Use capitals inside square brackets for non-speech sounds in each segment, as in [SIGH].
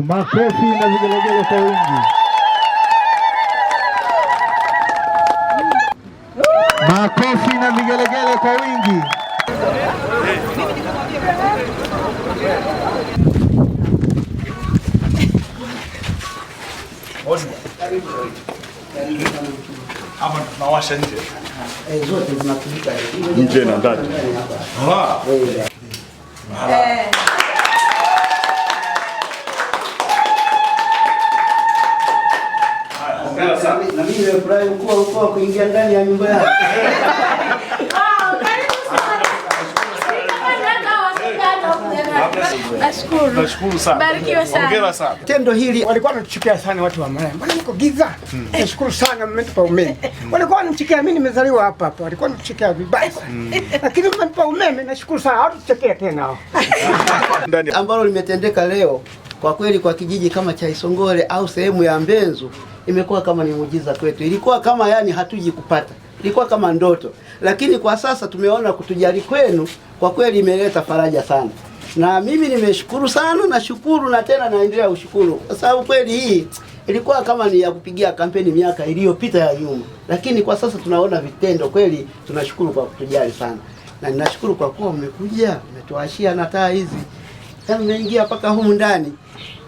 makofi na vigelegele kwa wingi. Makofi na vigelegele kwa wingi. nje. Zote nje na ndani. Ah. Eh. wananchi wamefurahi ukua ukua kuingia ndani ya nyumba yako. Nashukuru sana. Barikiwa sana. Hongera sana. Tendo hili walikuwa wananichukia sana watu wa Mrembo. Mbona niko giza? Nashukuru hmm. eh, sana mmenipa umeme. Hmm. Walikuwa wananichukia mimi nimezaliwa hapa hapa. Walikuwa wananichukia vibaya. sana. Hmm. Lakini mmenipa umeme nashukuru sana. Hawatuchukia tena hao. [LAUGHS] Ambalo limetendeka leo kwa kweli kwa kijiji kama cha Isongole au sehemu ya Mbenzu imekuwa kama ni muujiza kwetu, ilikuwa kama yani hatuji kupata, ilikuwa kama ndoto, lakini kwa sasa tumeona kutujali kwenu, kwa kweli imeleta faraja sana na mimi nimeshukuru sana, nashukuru na tena naendelea kushukuru kwa sababu kweli hii ilikuwa kama ni ya kupigia kampeni miaka iliyopita ya nyuma, lakini kwa sasa tunaona vitendo. Kweli tunashukuru kwa kutujali sana, na ninashukuru kwa kuwa mmekuja mmetuashia na taa hizi, yaani mmeingia mpaka humu ndani.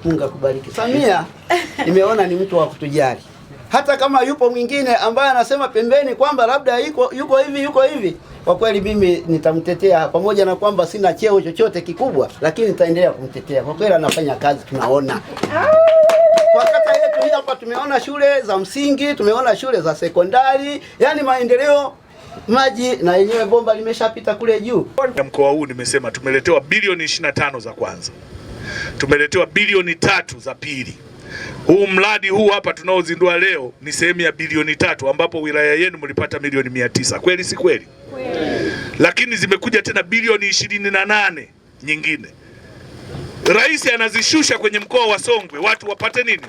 Mungu akubariki. Samia [LAUGHS] nimeona ni mtu wa kutujali, hata kama yupo mwingine ambaye anasema pembeni kwamba labda yuko, yuko hivi yuko hivi kwa kweli mimi nitamtetea, pamoja na kwamba sina cheo chochote kikubwa, lakini nitaendelea kumtetea. Kwa kweli anafanya kazi, tunaona kwa kata yetu hii hapa, tumeona shule za msingi, tumeona shule za sekondari, yani maendeleo maji na yenyewe bomba limeshapita kule juu. Mkoa huu nimesema tumeletewa bilioni 25 za kwanza tumeletewa bilioni tatu za pili. Huu mradi huu hapa tunaozindua leo ni sehemu ya bilioni tatu ambapo wilaya yenu mlipata milioni mia tisa. Kweli si kweli? Lakini zimekuja tena bilioni ishirini na nane nyingine. Rais anazishusha kwenye mkoa wa Songwe watu wapate nini?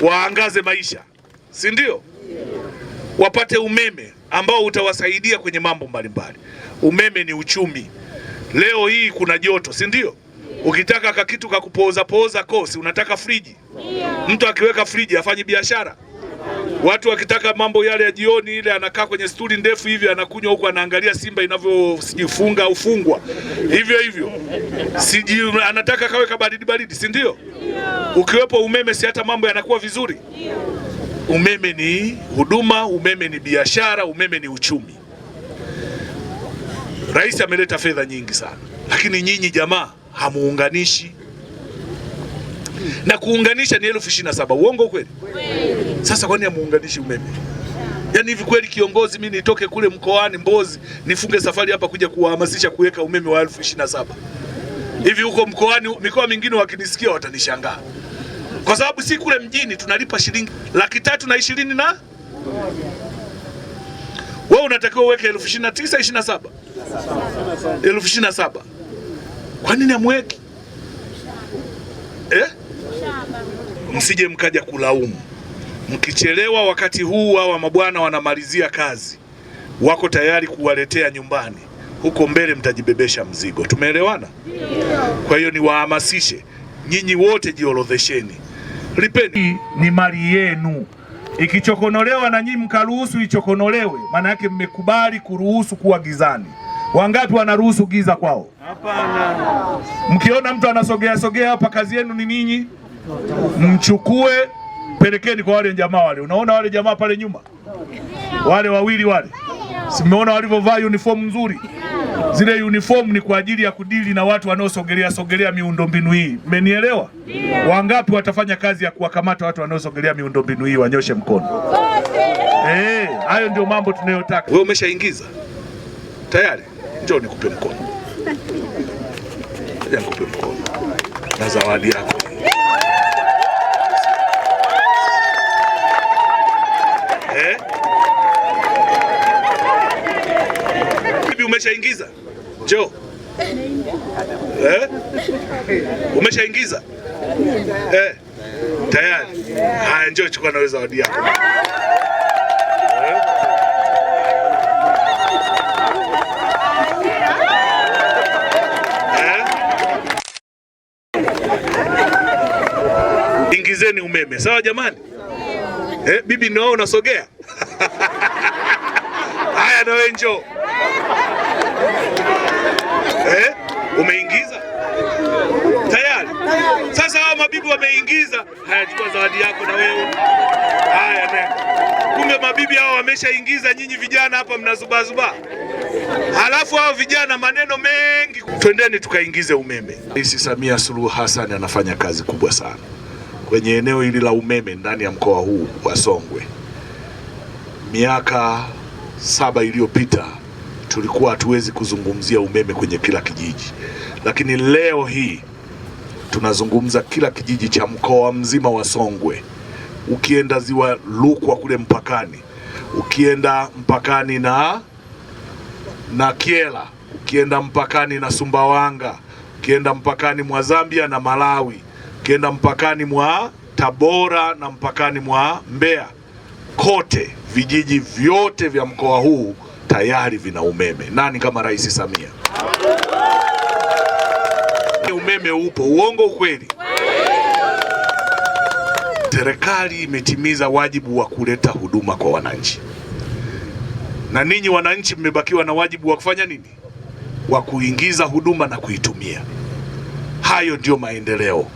Waangaze maisha, si ndio? Wapate umeme ambao utawasaidia kwenye mambo mbalimbali. Umeme ni uchumi. Leo hii kuna joto, si ndio? Ukitaka kakitu kakupoza poza kosi, unataka friji? Mtu akiweka friji afanyi biashara? Watu wakitaka mambo yale ya jioni ile, anakaa kwenye stuli ndefu hivi, anakunywa huku, anaangalia Simba inavyojifunga au fungwa hivyo hivyo, siji anataka kawe kabaridi baridi, si ndio? Ukiwepo umeme, si hata mambo yanakuwa vizuri? Umeme ni huduma, umeme ni biashara, umeme ni uchumi. Rais ameleta fedha nyingi sana, lakini nyinyi jamaa hamuunganishi na kuunganisha ni elfu ishirini na saba. Uongo kweli? Sasa kwani hamuunganishi umeme? Yaani hivi kweli kiongozi, mimi nitoke kule mkoani Mbozi nifunge safari hapa kuja kuwahamasisha kuweka umeme wa elfu ishirini na saba? Hivi huko mkoani, mikoa mingine wakinisikia watanishangaa, kwa sababu si kule mjini tunalipa shilingi laki tatu na ishirini na wewe unatakiwa uweke elfu ishirini na tisa ishirini na saba elfu ishirini na saba kwa nini amweki eh? Msije mkaja kulaumu mkichelewa. Wakati huu hawa mabwana wanamalizia kazi, wako tayari kuwaletea nyumbani. Huko mbele mtajibebesha mzigo. Tumeelewana? Kwa hiyo niwahamasishe nyinyi wote, jiorodhesheni, lipeni, ni mali yenu ikichokonolewa na nyinyi mkaruhusu ichokonolewe, maana yake mmekubali kuruhusu kuwa gizani. Wangapi wanaruhusu giza kwao? Hapana. Mkiona mtu anasogea sogea hapa, kazi yenu ni ninyi mchukue, pelekeni kwa wale jamaa wale. Unaona wale jamaa pale nyuma, wale wawili wale, simeona walivyovaa uniform nzuri zile uniform ni kwa ajili ya kudili na watu wanaosogelea sogelea miundombinu hii. Mmenielewa? Wangapi watafanya kazi ya kuwakamata watu wanaosogelea miundombinu hii? Wanyoshe mkono. Eh, hayo hey, ndio mambo tunayotaka. Wewe umeshaingiza tayari njoo nikupe mkono, nikupe mkono na zawadi yako. Eh? umeshaingiza? Njoo. Eh? Umeshaingiza? Eh? Tayari. Haya, njoo chukua na zawadi yako. ni umeme. Sawa jamani? Eh, bibi nao unasogea? [LAUGHS] Haya nawe njoo. Eh, umeingiza? Tayari. Sasa hao mabibi wameingiza. Haya chukua zawadi yako na wewe. Haya na. Kumbe mabibi hao wameshaingiza, nyinyi vijana hapa mnazubazuba. Halafu hao vijana maneno mengi. Twendeni tukaingize umeme. Rais Samia Suluhu Hassan anafanya kazi kubwa sana kwenye eneo hili la umeme ndani ya mkoa huu wa Songwe. Miaka saba iliyopita tulikuwa hatuwezi kuzungumzia umeme kwenye kila kijiji, lakini leo hii tunazungumza kila kijiji cha mkoa mzima wa Songwe. Ukienda ziwa Rukwa kule mpakani, ukienda mpakani na na Kiela, ukienda mpakani na Sumbawanga, ukienda mpakani mwa Zambia na Malawi kenda mpakani mwa Tabora na mpakani mwa Mbeya, kote vijiji vyote vya mkoa huu tayari vina umeme. Nani kama Rais Samia? Umeme upo, uongo ukweli? Serikali imetimiza wajibu wa kuleta huduma kwa wananchi, na ninyi wananchi mmebakiwa na wajibu wa kufanya nini? Wa kuingiza huduma na kuitumia. Hayo ndiyo maendeleo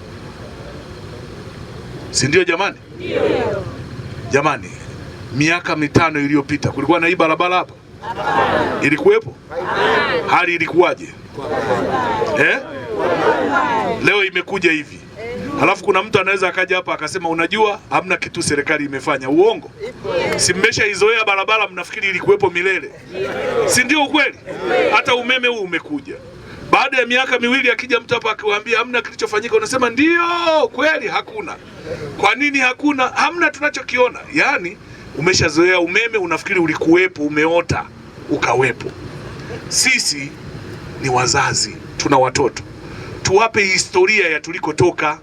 si ndio jamani? Ndio. Jamani, miaka mitano iliyopita kulikuwa na hii barabara hapa? Ilikuwepo? Hali ilikuwaje eh? Leo imekuja hivi. Eh. Halafu kuna mtu anaweza akaja hapa akasema, unajua hamna kitu serikali imefanya. Uongo? Si mmeshaizoea barabara, mnafikiri ilikuwepo milele, si ndio? Ukweli, hata umeme huu umekuja baada ya miaka miwili akija mtu hapa akiwaambia hamna kilichofanyika, unasema ndio kweli hakuna. Kwa nini hakuna? Hamna tunachokiona. Yaani umeshazoea umeme, unafikiri ulikuwepo, umeota ukawepo. Sisi ni wazazi, tuna watoto, tuwape historia ya tulikotoka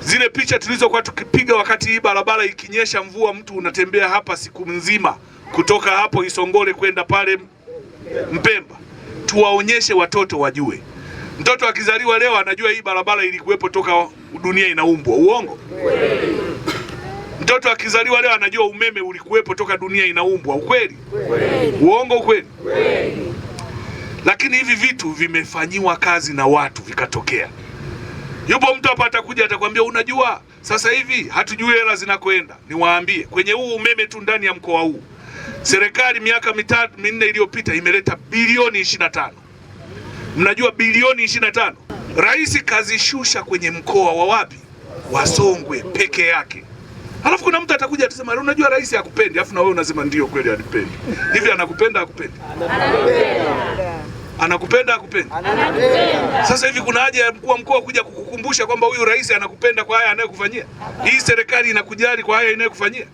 zile picha tulizokuwa tukipiga wakati hii barabara ikinyesha mvua, mtu unatembea hapa siku nzima kutoka hapo Isongole kwenda pale Mpemba tuwaonyeshe watoto wajue. Mtoto akizaliwa leo anajua hii barabara ilikuwepo toka dunia inaumbwa, uongo? Mtoto akizaliwa leo anajua umeme ulikuwepo toka dunia inaumbwa, ukweli? Uongo? Ukweli? Lakini hivi vitu vimefanyiwa kazi na watu vikatokea. Yupo mtu hapa atakuja atakwambia, unajua sasa hivi hatujui hela zinakoenda Niwaambie, kwenye huu umeme tu ndani ya mkoa huu Serikali miaka mitatu minne iliyopita imeleta bilioni 25. Mnajua bilioni 25, rais kazishusha kwenye mkoa wa wapi? Wa Songwe peke yake. Alafu kuna mtu atakuja atasema, unajua rais hakupendi, alafu na wewe unasema ndio kweli anipendi. Hivi anakupenda hakupendi? Anakupenda hakupendi? Sasa hivi kuna haja ya mkuu wa mkoa kuja kukukumbusha kwamba huyu rais anakupenda kwa haya anayokufanyia? Hii serikali inakujali kwa haya inayokufanyia?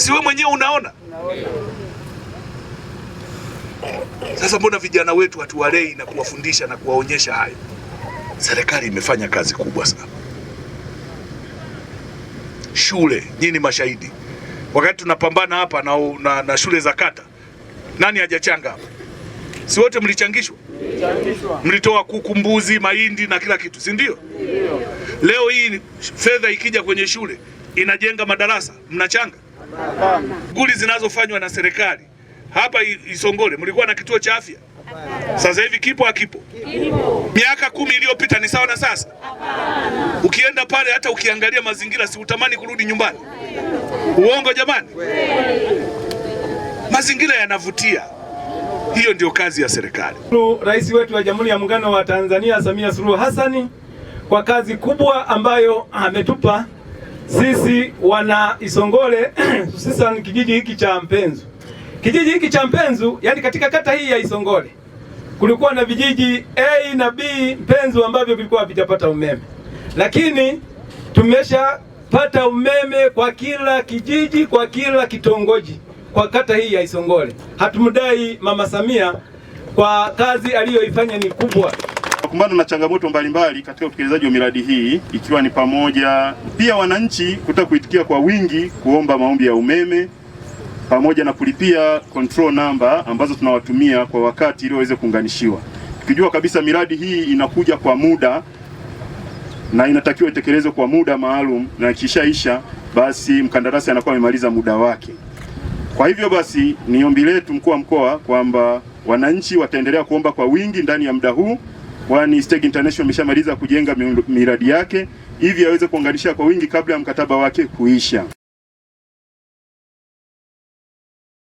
si wewe mwenyewe unaona? Sasa mbona vijana wetu hatuwalei na kuwafundisha na kuwaonyesha hayo? Serikali imefanya kazi kubwa sana. Shule, nyinyi ni mashahidi, wakati tunapambana hapa na, na, na shule za kata, nani hajachanga hapa? Si wote mlichangishwa? Mlitoa kuku, mbuzi, mahindi na kila kitu, si ndio? Leo hii fedha ikija kwenye shule inajenga madarasa, mnachanga Shughuli zinazofanywa na serikali hapa Isongole, mlikuwa na kituo cha afya, sasa hivi kipo Kipo. Miaka kumi iliyopita ni sawa na sasa? Ukienda pale hata ukiangalia mazingira, si utamani kurudi nyumbani? Uongo jamani, mazingira yanavutia. Hiyo ndio kazi ya serikali. Rais wetu wa Jamhuri ya Muungano wa Tanzania Samia Suluhu Hassan kwa kazi kubwa ambayo ametupa sisi wana Isongole [CLEARS THROAT] hususani kijiji hiki cha Mpenzu, kijiji hiki cha Mpenzu, yani katika kata hii ya Isongole kulikuwa na vijiji A na B Mpenzu ambavyo vilikuwa havijapata umeme, lakini tumeshapata umeme kwa kila kijiji, kwa kila kitongoji, kwa kata hii ya Isongole. Hatumdai Mama Samia kwa kazi aliyoifanya ni kubwa tunakumbana na changamoto mbalimbali katika utekelezaji wa miradi hii ikiwa ni pamoja pia wananchi kutaka kuitikia kwa wingi kuomba maombi ya umeme pamoja na kulipia control number ambazo tunawatumia kwa wakati ili waweze kuunganishiwa, tukijua kabisa miradi hii inakuja kwa muda na inatakiwa itekelezwe kwa muda maalum, na ikishaisha basi mkandarasi anakuwa amemaliza muda wake. Kwa hivyo basi, ni ombi letu mkuu wa mkoa kwamba wananchi wataendelea kuomba kwa wingi ndani ya muda huu kwani stake International imeshamaliza kujenga miradi yake, hivi aweze kuunganisha kwa wingi kabla ya mkataba wake kuisha.